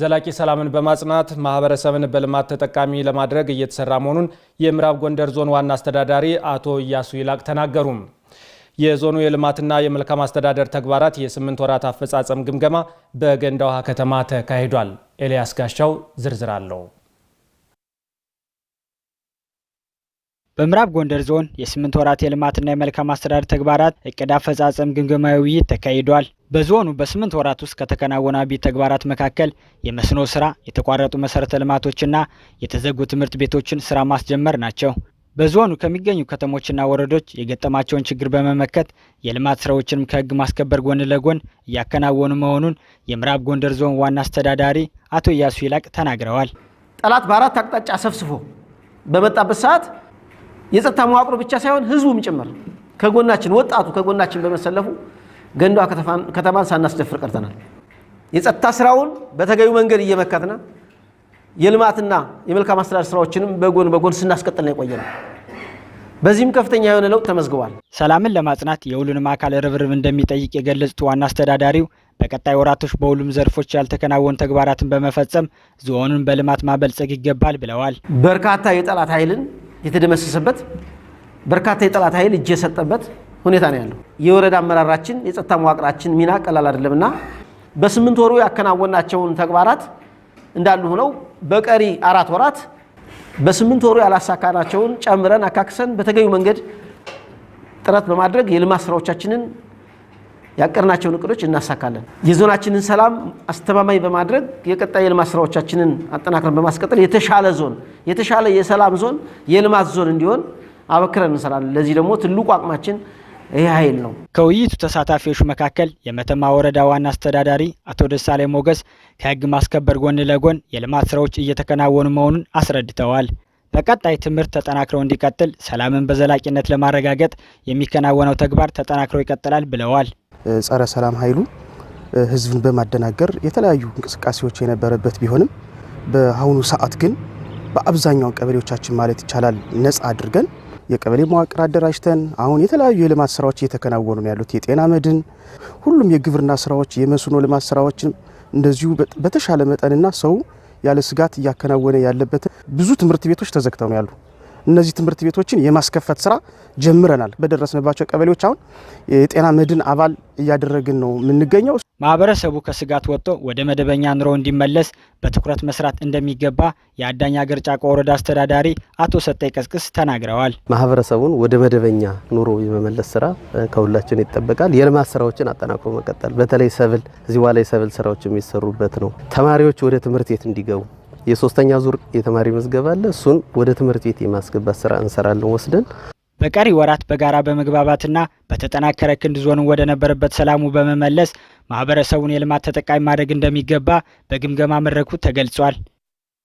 ዘላቂ ሰላምን በማጽናት ማህበረሰብን በልማት ተጠቃሚ ለማድረግ እየተሰራ መሆኑን የምዕራብ ጎንደር ዞን ዋና አስተዳዳሪ አቶ እያሱ ይላቅ ተናገሩ። የዞኑ የልማትና የመልካም አስተዳደር ተግባራት የስምንት ወራት አፈጻጸም ግምገማ በገንዳ ውሃ ከተማ ተካሂዷል። ኤልያስ ጋሻው ዝርዝር አለው። በምዕራብ ጎንደር ዞን የስምንት ወራት የልማትና የመልካም አስተዳደር ተግባራት እቅድ አፈጻጸም ግምገማዊ ውይይት ተካሂዷል። በዞኑ በስምንት ወራት ውስጥ ከተከናወኑ አብይ ተግባራት መካከል የመስኖ ስራ፣ የተቋረጡ መሰረተ ልማቶችና የተዘጉ ትምህርት ቤቶችን ስራ ማስጀመር ናቸው። በዞኑ ከሚገኙ ከተሞችና ወረዶች የገጠማቸውን ችግር በመመከት የልማት ስራዎችንም ከህግ ማስከበር ጎን ለጎን እያከናወኑ መሆኑን የምዕራብ ጎንደር ዞን ዋና አስተዳዳሪ አቶ እያሱ ይላቅ ተናግረዋል። ጠላት በአራት አቅጣጫ ሰብስፎ በመጣበት ሰዓት የጸጥታ መዋቅሩ ብቻ ሳይሆን ህዝቡም ጭምር ከጎናችን ወጣቱ ከጎናችን በመሰለፉ ገንዷ ከተማን ሳናስደፍር ቀርተናል። የጸጥታ ስራውን በተገቢው መንገድ እየመከትና የልማትና የመልካም አስተዳደር ስራዎችንም በጎን በጎን ስናስቀጥል ነው የቆየ በዚህም ከፍተኛ የሆነ ለውጥ ተመዝግቧል። ሰላምን ለማጽናት የሁሉንም አካል ርብርብ እንደሚጠይቅ የገለጹት ዋና አስተዳዳሪው በቀጣይ ወራቶች በሁሉም ዘርፎች ያልተከናወኑ ተግባራትን በመፈጸም ዞኑን በልማት ማበልጸግ ይገባል ብለዋል። በርካታ የጠላት ኃይልን የተደመሰሰበት በርካታ የጠላት ኃይል እጅ የሰጠበት ሁኔታ ነው ያለው። የወረዳ አመራራችን የጸጥታ መዋቅራችን ሚና ቀላል አይደለም እና በስምንት ወሩ ያከናወናቸውን ተግባራት እንዳሉ ሆነው በቀሪ አራት ወራት በስምንት ወሩ ያላሳካናቸውን ጨምረን አካክሰን በተገቢው መንገድ ጥረት በማድረግ የልማት ስራዎቻችንን ያቀርናቸውን እቅዶች እናሳካለን። የዞናችንን ሰላም አስተማማኝ በማድረግ የቀጣይ የልማት ስራዎቻችንን አጠናክረን በማስቀጠል የተሻለ ዞን፣ የተሻለ የሰላም ዞን፣ የልማት ዞን እንዲሆን አበክረን እንሰራለን። ለዚህ ደግሞ ትልቁ አቅማችን ይህ ኃይል ነው። ከውይይቱ ተሳታፊዎች መካከል የመተማ ወረዳ ዋና አስተዳዳሪ አቶ ደሳሌ ሞገስ ከህግ ማስከበር ጎን ለጎን የልማት ስራዎች እየተከናወኑ መሆኑን አስረድተዋል። በቀጣይ ትምህርት ተጠናክረው እንዲቀጥል ሰላምን በዘላቂነት ለማረጋገጥ የሚከናወነው ተግባር ተጠናክረው ይቀጥላል ብለዋል። ጸረ ሰላም ኃይሉ ህዝብን በማደናገር የተለያዩ እንቅስቃሴዎች የነበረበት ቢሆንም በአሁኑ ሰዓት ግን በአብዛኛው ቀበሌዎቻችን ማለት ይቻላል ነጻ አድርገን የቀበሌ መዋቅር አደራጅተን አሁን የተለያዩ የልማት ስራዎች እየተከናወኑ ነው ያሉት። የጤና መድን፣ ሁሉም የግብርና ስራዎች፣ የመስኖ ልማት ስራዎችም እንደዚሁ በተሻለ መጠንና ሰው ያለ ስጋት እያከናወነ ያለበት ብዙ ትምህርት ቤቶች ተዘግተው ነው ያሉ። እነዚህ ትምህርት ቤቶችን የማስከፈት ስራ ጀምረናል። በደረስንባቸው ቀበሌዎች አሁን የጤና መድን አባል እያደረግን ነው የምንገኘው። ማህበረሰቡ ከስጋት ወጥቶ ወደ መደበኛ ኑሮ እንዲመለስ በትኩረት መስራት እንደሚገባ የአዳኛ ሀገር ጫቆ ወረዳ አስተዳዳሪ አቶ ሰጠይ ቀስቅስ ተናግረዋል። ማህበረሰቡን ወደ መደበኛ ኑሮ የመመለስ ስራ ከሁላችን ይጠበቃል። የልማት ስራዎችን አጠናክሮ መቀጠል፣ በተለይ ሰብል እዚህ ላይ ሰብል ስራዎች የሚሰሩበት ነው። ተማሪዎች ወደ ትምህርት ቤት እንዲገቡ የሶስተኛ ዙር የተማሪ መዝገባ አለ። እሱን ወደ ትምህርት ቤት የማስገባት ስራ እንሰራለን ወስደን በቀሪ ወራት በጋራ በመግባባትና በተጠናከረ ክንድ ዞኑን ወደ ነበረበት ሰላሙ በመመለስ ማህበረሰቡን የልማት ተጠቃሚ ማድረግ እንደሚገባ በግምገማ መድረኩ ተገልጿል።